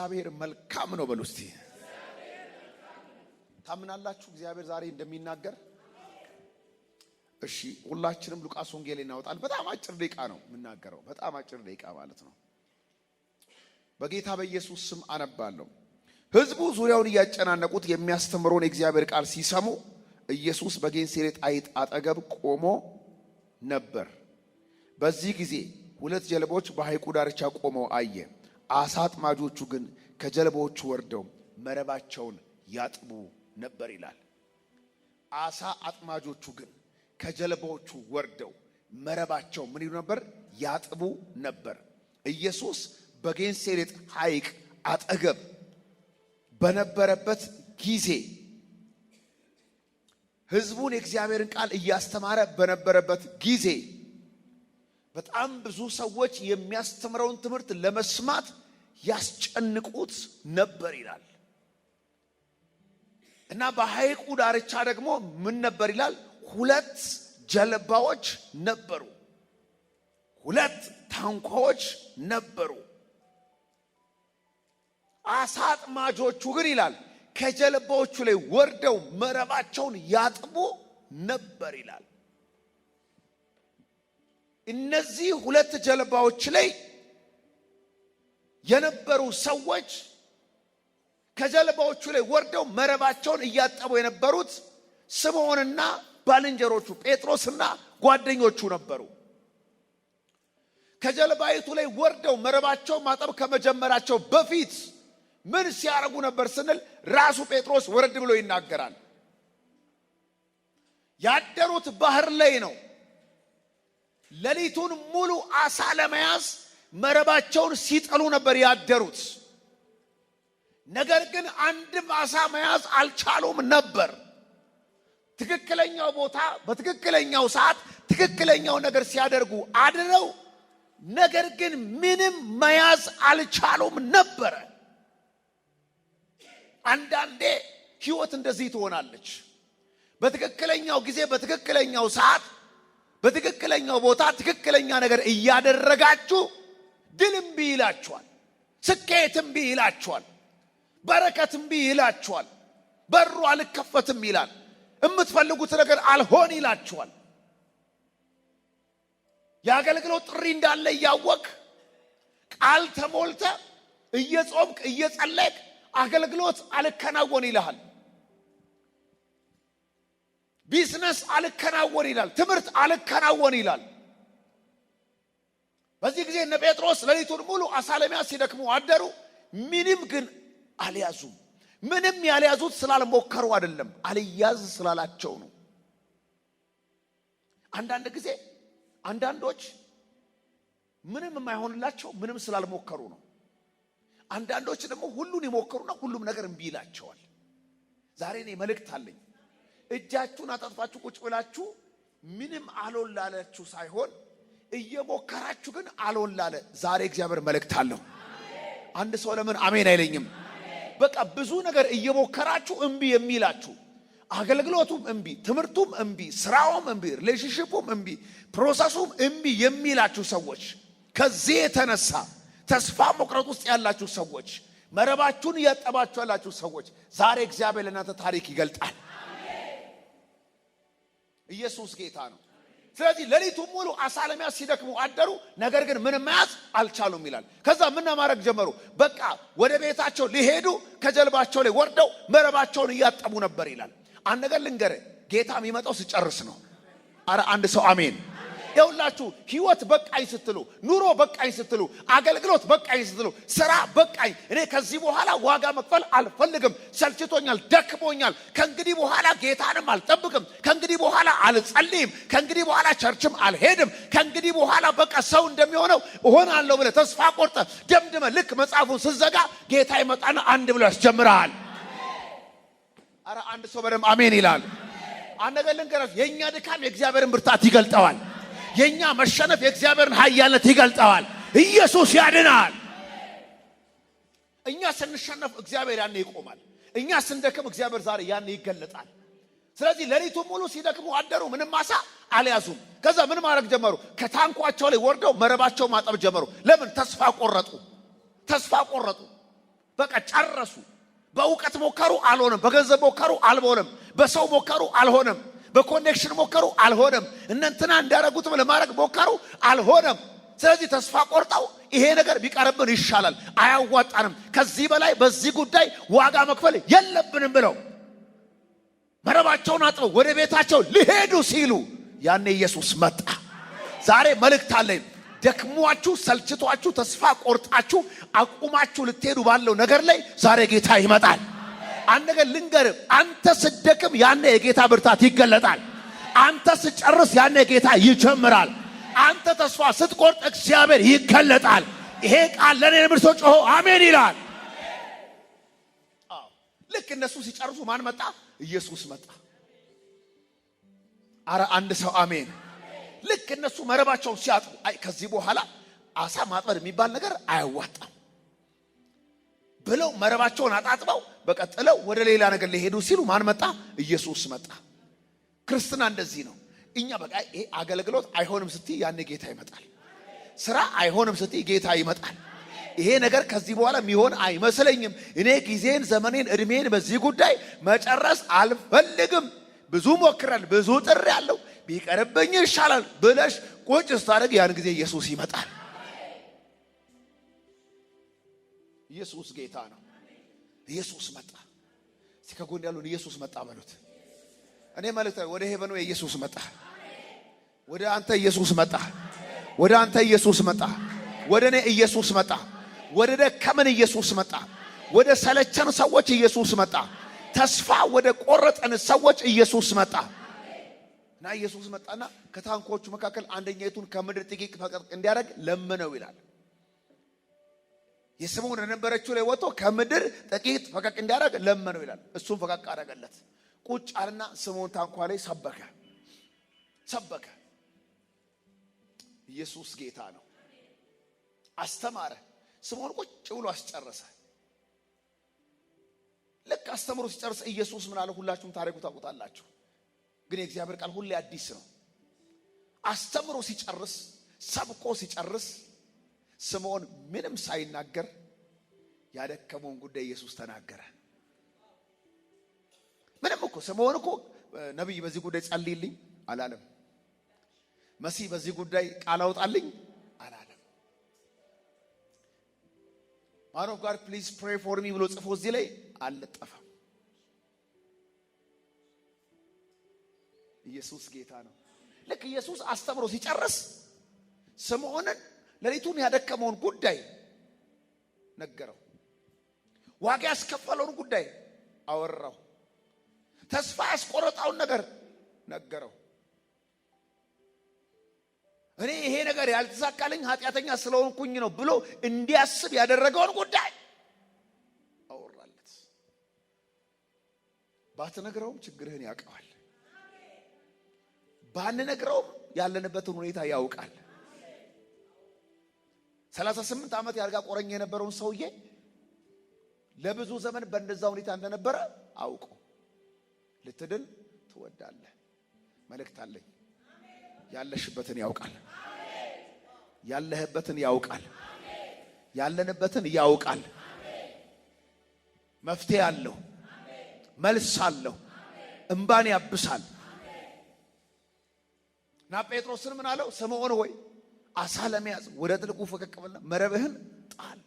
እግዚአብሔር መልካም ነው በሉ እስቲ። ታምናላችሁ እግዚአብሔር ዛሬ እንደሚናገር? እሺ ሁላችንም ሉቃስ ወንጌል እናወጣል። በጣም አጭር ደቂቃ ነው የምናገረው፣ በጣም አጭር ደቂቃ ማለት ነው። በጌታ በኢየሱስ ስም አነባለሁ። ህዝቡ ዙሪያውን እያጨናነቁት የሚያስተምረውን የእግዚአብሔር ቃል ሲሰሙ ኢየሱስ በጌንሴሬጥ አይጥ አጠገብ ቆሞ ነበር። በዚህ ጊዜ ሁለት ጀልቦች በሐይቁ ዳርቻ ቆመው አየ። አሳ አጥማጆቹ ግን ከጀልባዎቹ ወርደው መረባቸውን ያጥቡ ነበር ይላል። አሳ አጥማጆቹ ግን ከጀልባዎቹ ወርደው መረባቸው ምን ይሉ ነበር? ያጥቡ ነበር። ኢየሱስ በጌንሴሬጥ ሐይቅ አጠገብ በነበረበት ጊዜ ሕዝቡን የእግዚአብሔርን ቃል እያስተማረ በነበረበት ጊዜ በጣም ብዙ ሰዎች የሚያስተምረውን ትምህርት ለመስማት ያስጨንቁት ነበር ይላል እና በሐይቁ ዳርቻ ደግሞ ምን ነበር ይላል? ሁለት ጀልባዎች ነበሩ፣ ሁለት ታንኳዎች ነበሩ። አሳ አጥማጆቹ ግን ይላል ከጀልባዎቹ ላይ ወርደው መረባቸውን ያጥቡ ነበር ይላል። እነዚህ ሁለት ጀልባዎች ላይ የነበሩ ሰዎች ከጀልባዎቹ ላይ ወርደው መረባቸውን እያጠቡ የነበሩት ስምዖንና ባልንጀሮቹ ጴጥሮስና ጓደኞቹ ነበሩ። ከጀልባይቱ ላይ ወርደው መረባቸውን ማጠብ ከመጀመራቸው በፊት ምን ሲያደርጉ ነበር ስንል ራሱ ጴጥሮስ ወረድ ብሎ ይናገራል። ያደሩት ባህር ላይ ነው። ሌሊቱን ሙሉ አሳ ለመያዝ መረባቸውን ሲጥሉ ነበር ያደሩት። ነገር ግን አንድም አሳ መያዝ አልቻሉም ነበር። ትክክለኛው ቦታ በትክክለኛው ሰዓት ትክክለኛው ነገር ሲያደርጉ አድረው፣ ነገር ግን ምንም መያዝ አልቻሉም ነበረ። አንዳንዴ ሕይወት እንደዚህ ትሆናለች። በትክክለኛው ጊዜ በትክክለኛው ሰዓት በትክክለኛው ቦታ ትክክለኛ ነገር እያደረጋችሁ ድልም ቢይላችኋል፣ ይላችኋል። ቢይላችኋል፣ በረከትም ቢይላችኋል፣ በሩ አልከፈትም ይላል። የምትፈልጉት ነገር አልሆን ይላችኋል። የአገልግሎት ጥሪ እንዳለ እያወቅ ቃል ተሞልተ እየጾምክ እየጸለቅ አገልግሎት አልከናወን ይልሃል። ቢዝነስ አልከናወን ይላል። ትምህርት አልከናወን ይላል። በዚህ ጊዜ እነ ጴጥሮስ ሌሊቱን ሙሉ አሳ ሲደክሙ አደሩ። ምንም ግን አልያዙም። ምንም ያልያዙት ስላልሞከሩ አይደለም፣ አልያዝ ስላላቸው ነው። አንዳንድ ጊዜ አንዳንዶች ምንም የማይሆንላቸው ምንም ስላልሞከሩ ነው። አንዳንዶች ደግሞ ሁሉን ይሞክሩና ሁሉም ነገር እምቢ ይላቸዋል። ዛሬ እኔ መልእክት አለኝ። እጃችሁን አጣጥፋችሁ ቁጭ ብላችሁ ምንም አልወላለችሁ ሳይሆን እየሞከራችሁ ግን አልወላለ። ዛሬ እግዚአብሔር መልእክት አለው። አንድ ሰው ለምን አሜን አይለኝም? በቃ ብዙ ነገር እየሞከራችሁ እምቢ የሚላችሁ አገልግሎቱም እምቢ፣ ትምህርቱም እምቢ፣ ስራውም እምቢ፣ ሪሌሽንሽፑም እምቢ፣ ፕሮሰሱም እምቢ የሚላችሁ ሰዎች ከዚህ የተነሳ ተስፋ መቁረጥ ውስጥ ያላችሁ ሰዎች መረባችሁን እያጠባችሁ ያላችሁ ሰዎች ዛሬ እግዚአብሔር ለእናንተ ታሪክ ይገልጣል። ኢየሱስ ጌታ ነው። ስለዚህ ሌሊቱ ሙሉ አሳ ለመያዝ ሲደክሙ አደሩ። ነገር ግን ምንም መያዝ አልቻሉም ይላል። ከዛ ምን ማድረግ ጀመሩ? በቃ ወደ ቤታቸው ሊሄዱ ከጀልባቸው ላይ ወርደው መረባቸውን እያጠቡ ነበር ይላል። አንድ ነገር ልንገርህ፣ ጌታ የሚመጣው ሲጨርስ ነው። አረ አንድ ሰው አሜን የሁላችሁ ህይወት በቃኝ ስትሉ፣ ኑሮ በቃኝ ስትሉ፣ አገልግሎት በቃኝ ስትሉ፣ ስራ በቃኝ፣ እኔ ከዚህ በኋላ ዋጋ መክፈል አልፈልግም፣ ሰልችቶኛል፣ ደክሞኛል፣ ከእንግዲህ በኋላ ጌታንም አልጠብቅም፣ ከእንግዲህ በኋላ አልጸልይም፣ ከእንግዲህ በኋላ ቸርችም አልሄድም፣ ከእንግዲህ በኋላ በቃ ሰው እንደሚሆነው እሆናለሁ ብለህ ተስፋ ቆርጠ ደምድመ ልክ መጽሐፉን ስዘጋ ጌታ ይመጣና አንድ ብሎ ያስጀምረሃል። አረ አንድ ሰው በደምብ አሜን ይላል። አነገልን ነገር የእኛ ድካም የእግዚአብሔርን ብርታት ይገልጠዋል። የእኛ መሸነፍ የእግዚአብሔርን ኃያልነት ይገልጠዋል። ኢየሱስ ያድናል። እኛ ስንሸነፍ እግዚአብሔር ያኔ ይቆማል። እኛ ስንደክም እግዚአብሔር ዛሬ ያኔ ይገለጣል። ስለዚህ ሌሊቱ ሙሉ ሲደክሙ አደሩ። ምንም አሳ አልያዙም። ከዛ ምን ማድረግ ጀመሩ? ከታንኳቸው ላይ ወርደው መረባቸው ማጠብ ጀመሩ። ለምን? ተስፋ ቆረጡ። ተስፋ ቆረጡ። በቃ ጨረሱ። በእውቀት ሞከሩ፣ አልሆነም። በገንዘብ ሞከሩ፣ አልሆነም። በሰው ሞከሩ፣ አልሆነም። በኮኔክሽን ሞከሩ፣ አልሆነም። እነንትና እንዳረጉትም ለማድረግ ሞከሩ፣ አልሆነም። ስለዚህ ተስፋ ቆርጠው ይሄ ነገር ቢቀርብን ይሻላል፣ አያዋጣንም፣ ከዚህ በላይ በዚህ ጉዳይ ዋጋ መክፈል የለብንም ብለው መረባቸውን አጥበው ወደ ቤታቸው ሊሄዱ ሲሉ ያኔ ኢየሱስ መጣ። ዛሬ መልእክት አለኝ። ደክሟችሁ፣ ሰልችቷችሁ፣ ተስፋ ቆርጣችሁ አቁማችሁ ልትሄዱ ባለው ነገር ላይ ዛሬ ጌታ ይመጣል። አንድ ነገር ልንገርም፣ አንተ ስደክም ያነ የጌታ ብርታት ይገለጣል። አንተ ስጨርስ ያነ ጌታ ይጀምራል። አንተ ተስፋ ስትቆርጥ እግዚአብሔር ይገለጣል። ይሄ ቃል ለእኔ ነብር ጮሆ አሜን ይላል። ልክ እነሱ ሲጨርሱ ማን መጣ? ኢየሱስ መጣ። አረ አንድ ሰው አሜን። ልክ እነሱ መረባቸውን ሲያጥቡ አይ ከዚህ በኋላ አሳ ማጥመድ የሚባል ነገር አያዋጣም ብለው መረባቸውን አጣጥበው በቃ ጥለው ወደ ሌላ ነገር ሊሄዱ ሲሉ ማን መጣ? ኢየሱስ መጣ። ክርስትና እንደዚህ ነው። እኛ በቃ ይሄ አገልግሎት አይሆንም ስትይ ያኔ ጌታ ይመጣል። ስራ አይሆንም ስትይ ጌታ ይመጣል። ይሄ ነገር ከዚህ በኋላ የሚሆን አይመስለኝም፣ እኔ ጊዜን፣ ዘመኔን፣ እድሜን በዚህ ጉዳይ መጨረስ አልፈልግም፣ ብዙ ሞክራል፣ ብዙ ጥሪ ያለው ቢቀርብኝ ይሻላል ብለሽ ቁጭ ስታደርግ ያን ጊዜ ኢየሱስ ይመጣል። ኢየሱስ ጌታ ነው። ኢየሱስ መጣ። እስቲ ከጎን ያሉን ኢየሱስ መጣ በሉት። እኔ መልእክት ወደ ሄቨኑ ኢየሱስ መጣ። ወደ አንተ ኢየሱስ መጣ። ወደ አንተ ኢየሱስ መጣ። ወደ እኔ ኢየሱስ መጣ። ወደ ደከመን ኢየሱስ መጣ። ወደ ሰለቸን ሰዎች ኢየሱስ መጣ። ተስፋ ወደ ቆረጠን ሰዎች ኢየሱስ መጣ እና ኢየሱስ መጣና ከታንኳዎቹ መካከል አንደኛይቱን ከምድር ጥቂት ፈቀቅ እንዲያደርግ ለመነው ይላል። የስሙ የነበረችው ላይ ወጥቶ ከምድር ጥቂት ፈቀቅ እንዲያደርግ ለመነው ይላል። እሱም ፈቀቅ አደረገለት። ቁጭ አልና ስምዖን ታንኳ ላይ ሰበከ ሰበከ። ኢየሱስ ጌታ ነው። አስተማረ። ስምዖን ቁጭ ብሎ አስጨረሰ። ልክ አስተምሮ ሲጨርስ ኢየሱስ ምን አለ? ሁላችሁም ታሪኩ ታውቁታላችሁ፣ ግን የእግዚአብሔር ቃል ሁሌ አዲስ ነው። አስተምሮ ሲጨርስ ሰብኮ ሲጨርስ ስምዖን ምንም ሳይናገር ያደከመውን ጉዳይ ኢየሱስ ተናገረ። ምንም እኮ ስምዖን እኮ ነቢይ በዚህ ጉዳይ ጸልይልኝ አላለም። መሲህ በዚህ ጉዳይ ቃል አውጣልኝ አላለም። ማን ኦፍ ጋድ ፕሊዝ ፕሬ ፎር ሚ ብሎ ጽፎ እዚህ ላይ አልለጠፈም። ኢየሱስ ጌታ ነው። ልክ ኢየሱስ አስተምሮ ሲጨርስ ስምዖንን ሌሊቱን ያደከመውን ጉዳይ ነገረው። ዋጋ ያስከፈለውን ጉዳይ አወራው። ተስፋ ያስቆረጣውን ነገር ነገረው። እኔ ይሄ ነገር ያልተሳካልኝ ኃጢአተኛ ስለሆንኩኝ ነው ብሎ እንዲያስብ ያደረገውን ጉዳይ አወራለት። ባትነግረውም ችግርህን ያውቀዋል። ባንነግረውም ያለንበትን ሁኔታ ያውቃል። 38 ዓመት የአልጋ ቆረኛ የነበረውን ሰውዬ ለብዙ ዘመን በእንደዛ ሁኔታ እንደነበረ አውቆ ልትድን ትወዳለህ። መልእክት አለኝ። ያለሽበትን ያውቃል። ያለህበትን ያውቃል። ያለንበትን ያውቃል። መፍትሄ አለው። መልስ አለው። እምባን ያብሳል። እና ጴጥሮስን ምን አለው? ስምዖን ሆይ አሳ ለመያዝ ወደ ጥልቁ ፈቀቅ ብለና መረብህን ጣል።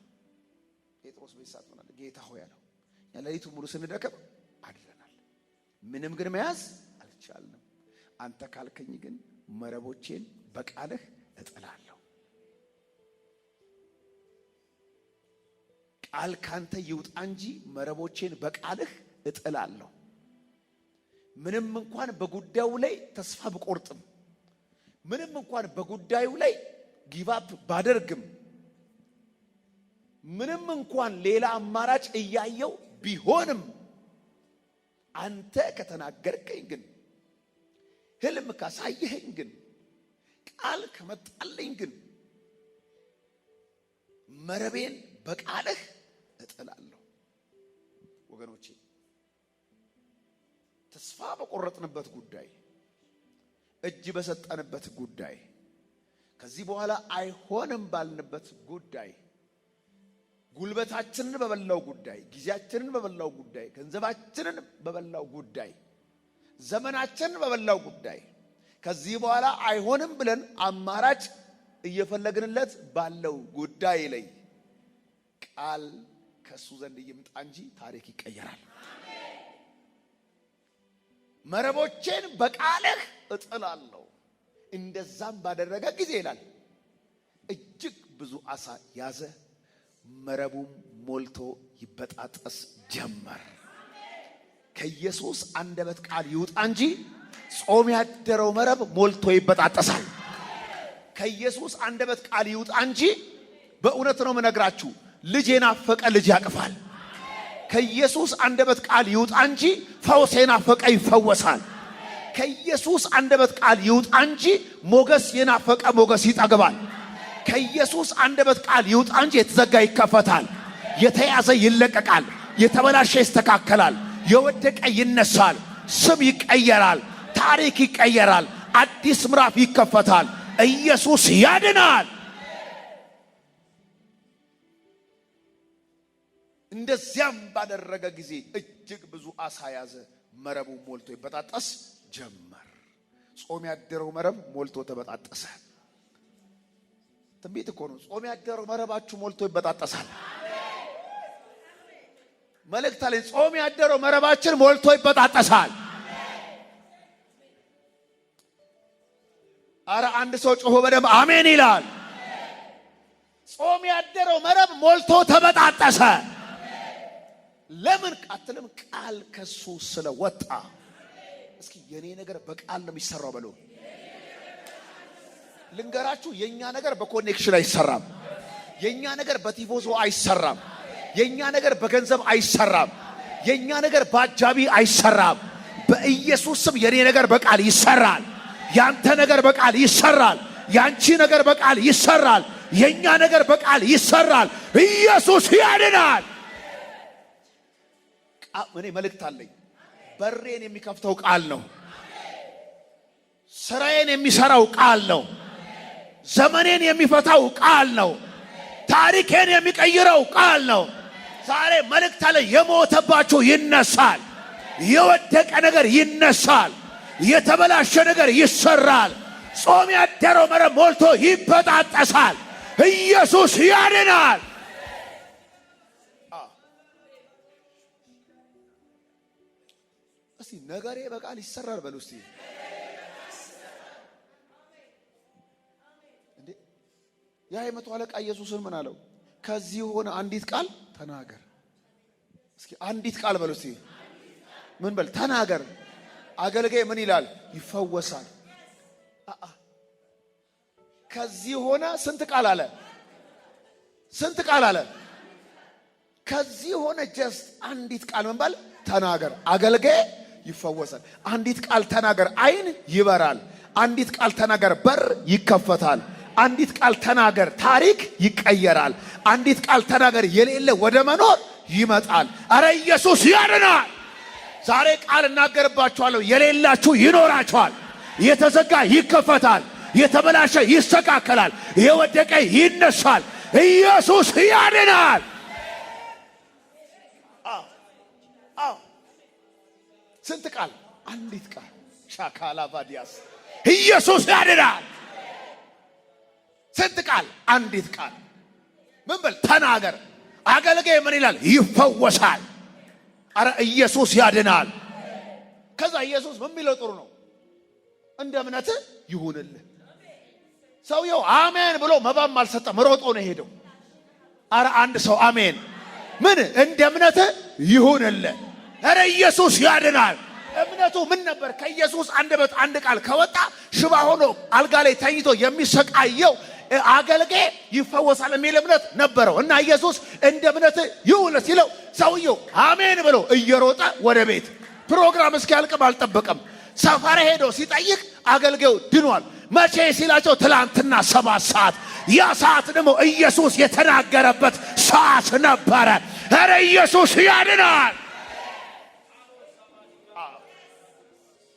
ጴጥሮስ በዚህ ጌታ ሆይ አለው፣ ሌሊቱ ሙሉ ስንደከም አድረናል፣ ምንም ግን መያዝ አልቻልንም። አንተ ካልከኝ ግን መረቦቼን በቃልህ እጥላለሁ። ቃል ካንተ ይውጣ እንጂ መረቦቼን በቃልህ እጥላለሁ። ምንም እንኳን በጉዳዩ ላይ ተስፋ ብቆርጥም፣ ምንም እንኳን በጉዳዩ ላይ ጊቫፕ ባደርግም ምንም እንኳን ሌላ አማራጭ እያየው ቢሆንም አንተ ከተናገርከኝ ግን ህልም ካሳየኸኝ ግን ቃል ከመጣልኝ ግን መረቤን በቃልህ እጥላለሁ። ወገኖቼ ተስፋ በቆረጥንበት ጉዳይ፣ እጅ በሰጠንበት ጉዳይ ከዚህ በኋላ አይሆንም ባልንበት ጉዳይ ጉልበታችንን በበላው ጉዳይ፣ ጊዜያችንን በበላው ጉዳይ፣ ገንዘባችንን በበላው ጉዳይ፣ ዘመናችንን በበላው ጉዳይ ከዚህ በኋላ አይሆንም ብለን አማራጭ እየፈለግንለት ባለው ጉዳይ ላይ ቃል ከእሱ ዘንድ ይምጣ እንጂ ታሪክ ይቀየራል። መረቦቼን በቃልህ እጥላለሁ። እንደዛም ባደረገ ጊዜ ይላል እጅግ ብዙ አሳ ያዘ፣ መረቡም ሞልቶ ይበጣጠስ ጀመር። ከኢየሱስ አንደበት ቃል ይውጣ እንጂ ጾም ያደረው መረብ ሞልቶ ይበጣጠሳል። ከኢየሱስ አንደበት ቃል ይውጣ እንጂ በእውነት ነው የምነግራችሁ፣ ልጅ የናፈቀ ልጅ ያቅፋል። ከኢየሱስ አንደበት ቃል ይውጣ እንጂ ፈውስ የናፈቀ ይፈወሳል። ከኢየሱስ አንደበት ቃል ይውጣ እንጂ ሞገስ የናፈቀ ሞገስ ይጠግባል። ከኢየሱስ አንደበት ቃል ይውጣ እንጂ የተዘጋ ይከፈታል፣ የተያዘ ይለቀቃል፣ የተበላሸ ይስተካከላል፣ የወደቀ ይነሳል፣ ስም ይቀየራል፣ ታሪክ ይቀየራል፣ አዲስ ምዕራፍ ይከፈታል። ኢየሱስ ያድናል። እንደዚያም ባደረገ ጊዜ እጅግ ብዙ አሳ ያዘ፣ መረቡ ሞልቶ ይበጣጠስ ጀመር። ጾም ያደረው መረብ ሞልቶ ተበጣጠሰ። ትንቢት እኮ ነው። ጾም ያደረው መረባችሁ ሞልቶ ይበጣጠሳል። መልእክት አለኝ። ጾም ያደረው መረባችን ሞልቶ ይበጣጠሳል። አረ አንድ ሰው ጮሆ በደንብ አሜን ይላል። ጾም ያደረው መረብ ሞልቶ ተበጣጠሰ። ለምን አትልም? ቃል ከሱ ስለወጣ እስኪ የኔ ነገር በቃል ነው የሚሰራው በሎ ልንገራችሁ፣ የኛ ነገር በኮኔክሽን አይሰራም። የኛ ነገር በቲፎዞ አይሰራም። የኛ ነገር በገንዘብ አይሰራም። የኛ ነገር በአጃቢ አይሰራም። በኢየሱስ ስም የኔ ነገር በቃል ይሰራል። ያንተ ነገር በቃል ይሰራል። ያንቺ ነገር በቃል ይሰራል። የኛ ነገር በቃል ይሰራል። ኢየሱስ ያድናል። እኔ መልእክት አለኝ። በሬን የሚከፍተው ቃል ነው። ስራዬን የሚሰራው ቃል ነው። ዘመኔን የሚፈታው ቃል ነው። ታሪኬን የሚቀይረው ቃል ነው። ዛሬ መልእክት ላይ የሞተባችሁ ይነሳል። የወደቀ ነገር ይነሳል። የተበላሸ ነገር ይሰራል። ጾም ያደረው መረብ ሞልቶ ይበጣጠሳል። ኢየሱስ ያድናል። ነገሬ በቃል ይሰራል በሉ እስቲ። ያ የመቶ አለቃ ኢየሱስን ምን አለው? ከዚህ ሆነ አንዲት ቃል ተናገር እስኪ። አንዲት ቃል በሉ እስቲ። ምን በል ተናገር። አገልጋይ ምን ይላል? ይፈወሳል። ከዚህ ሆነ ስንት ቃል አለ? ስንት ቃል አለ? ከዚህ ሆነ ጀስት አንዲት ቃል ምን በል ተናገር አገልጋይ ይፈወሳል። አንዲት ቃል ተናገር፣ አይን ይበራል። አንዲት ቃል ተናገር፣ በር ይከፈታል። አንዲት ቃል ተናገር፣ ታሪክ ይቀየራል። አንዲት ቃል ተናገር፣ የሌለ ወደ መኖር ይመጣል። አረ ኢየሱስ ያድናል። ዛሬ ቃል እናገርባችኋለሁ፣ የሌላችሁ ይኖራችኋል። የተዘጋ ይከፈታል። የተበላሸ ይስተካከላል። የወደቀ ይነሳል። ኢየሱስ ያድናል። ስንት ቃል? አንዲት ቃል። ሻካላ ባዲያስ ኢየሱስ ያድናል። ስንት ቃል? አንዲት ቃል። ምን በል ተናገር። አገልጋይ ምን ይላል? ይፈወሳል። አረ ኢየሱስ ያድናል። ከዛ ኢየሱስ ምን ቢለው ጥሩ ነው፣ እንደ እምነት ይሁንልህ። ሰውየው አሜን ብሎ መባም አልሰጠም፣ ሮጦ ነው የሄደው። አረ አንድ ሰው አሜን ምን እንደ እምነት ይሁንልህ። እረ ኢየሱስ ያድናል። እምነቱ ምን ነበር? ከኢየሱስ አንደበት አንድ ቃል ከወጣ ሽባ ሆኖ አልጋ ላይ ተኝቶ የሚሰቃየው አገልጋይ ይፈወሳል የሚል እምነት ነበረው እና ኢየሱስ እንደ እምነት ይሁን ሲለው ሰውየው አሜን ብሎ እየሮጠ ወደ ቤት ፕሮግራም እስኪያልቅም አልጠበቀም። ሰፈር ሄዶ ሲጠይቅ አገልጋዩ ድኗል። መቼ ሲላቸው ትላንትና ሰባት ሰዓት። ያ ሰዓት ደግሞ ኢየሱስ የተናገረበት ሰዓት ነበረ። ኧረ ኢየሱስ ያድናል።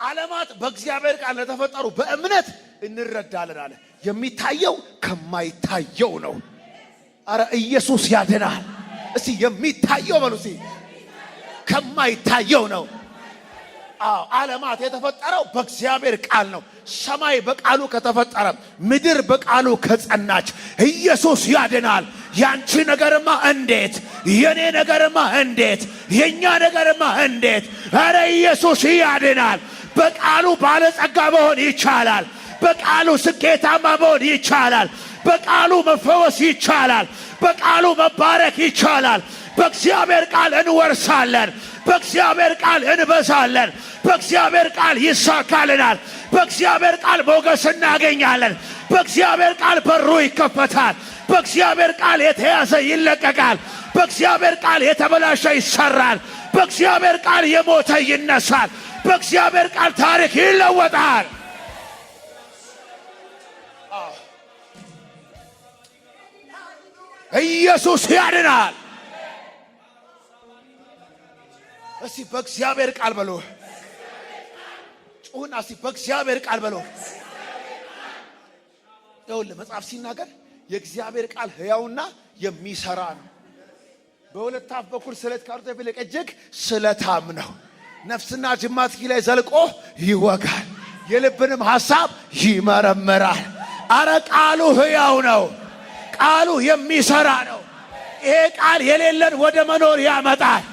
ዓለማት በእግዚአብሔር ቃል ለተፈጠሩ በእምነት እንረዳለን አለ። የሚታየው ከማይታየው ነው። አረ ኢየሱስ ያድናል። እስቲ የሚታየው በሉ እስቲ ከማይታየው ነው። አዎ ዓለማት የተፈጠረው በእግዚአብሔር ቃል ነው። ሰማይ በቃሉ ከተፈጠረ፣ ምድር በቃሉ ከጸናች፣ ኢየሱስ ያድናል። ያንቺ ነገርማ እንዴት! የኔ ነገርማ እንዴት! የኛ ነገርማ እንዴት! አረ ኢየሱስ ያድናል። በቃሉ ባለጸጋ መሆን ይቻላል። በቃሉ ስኬታማ መሆን ይቻላል። በቃሉ መፈወስ ይቻላል። በቃሉ መባረክ ይቻላል። በእግዚአብሔር ቃል እንወርሳለን። በእግዚአብሔር ቃል እንበዛለን በእግዚአብሔር ቃል ይሳካልናል። በእግዚአብሔር ቃል ሞገስ እናገኛለን። በእግዚአብሔር ቃል በሩ ይከፈታል። በእግዚአብሔር ቃል የተያዘ ይለቀቃል። በእግዚአብሔር ቃል የተበላሸ ይሰራል። በእግዚአብሔር ቃል የሞተ ይነሳል። በእግዚአብሔር ቃል ታሪክ ይለወጣል። ኢየሱስ ያድናል። እስቲ በእግዚአብሔር ቃል በሎ ጩሁና፣ እስቲ በእግዚአብሔር ቃል በሎ። ይኸውልህ መጽሐፍ ሲናገር የእግዚአብሔር ቃል ሕያውና የሚሰራ ነው። በሁለት አፍ በኩል ስለት ካሉት የፈለቀ እጅግ ስለታም ነው። ነፍስና ጅማት ላይ ዘልቆ ይወጋል፣ የልብንም ሐሳብ ይመረምራል። አረ ቃሉ ሕያው ነው። ቃሉ የሚሰራ ነው። ይሄ ቃል የሌለን ወደ መኖር ያመጣል።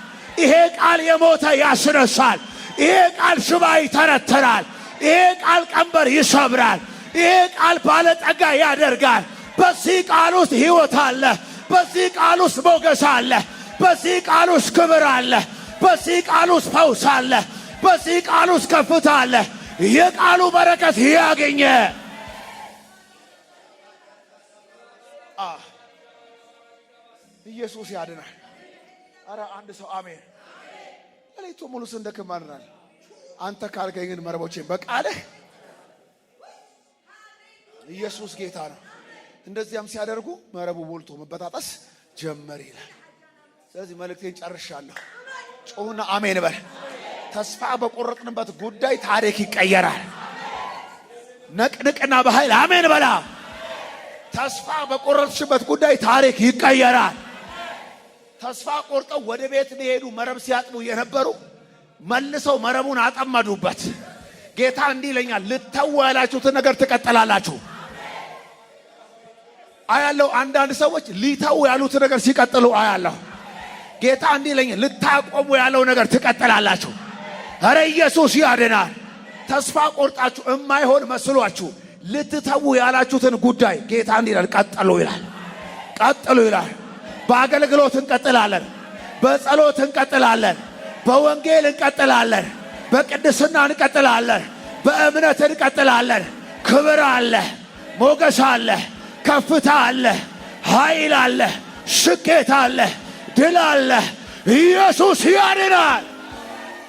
ይሄ ቃል የሞተ ያስነሳል። ይሄ ቃል ሽባ ይተረትራል። ይሄ ቃል ቀንበር ይሰብራል። ይሄ ቃል ባለጠጋ ያደርጋል። በዚህ ቃል ውስጥ ሕይወት አለ። በዚህ ቃል ውስጥ ሞገስ አለ። በዚህ ቃል ውስጥ ክብር አለ። በዚህ ቃል ውስጥ ፈውስ አለ። በዚህ ቃል ውስጥ ከፍታ አለ። የቃሉ በረከት ያገኘ ኢየሱስ ያድናል። አረ አንድ ሰው አሜን። ሌሊቱ ሙሉ ስንደክም አድራል። አንተ ካልከኝ ግን መረቦቼን በቃልህ ኢየሱስ ጌታ ነው። እንደዚያም ሲያደርጉ መረቡ ሞልቶ መበጣጠስ ጀመር ይላል። ስለዚህ መልእክቴን ጨርሻለሁ። ጮሁና አሜን በል። ተስፋ በቆረጥንበት ጉዳይ ታሪክ ይቀየራል። ነቅንቅና በኃይል አሜን በላ። ተስፋ በቆረጥሽበት ጉዳይ ታሪክ ይቀየራል። ተስፋ ቆርጠው ወደ ቤት ሊሄዱ መረብ ሲያጥቡ የነበሩ መልሰው መረቡን አጠመዱበት። ጌታ እንዲህ ይለኛል፣ ልተው ያላችሁትን ነገር ትቀጥላላችሁ። አያለው። አንዳንድ ሰዎች ሊተው ያሉት ነገር ሲቀጥሉ አያለሁ። ጌታ እንዲህ ይለኝ፣ ልታቆሙ ያለው ነገር ትቀጥላላችሁ። እረ ኢየሱስ ያድናል። ተስፋ ቆርጣችሁ እማይሆን መስሏችሁ ልትተው ያላችሁትን ጉዳይ ጌታ እንዲህ ይላል፣ ቀጥሉ ይላል። ቀጥሉ ይላል። በአገልግሎት እንቀጥላለን። በጸሎት እንቀጥላለን። በወንጌል እንቀጥላለን። በቅድስና እንቀጥላለን። በእምነት እንቀጥላለን። ክብር አለ፣ ሞገስ አለ። ከፍታ አለ፣ ኃይል አለ፣ ስኬት አለ፣ ድል አለ። ኢየሱስ ያድናል።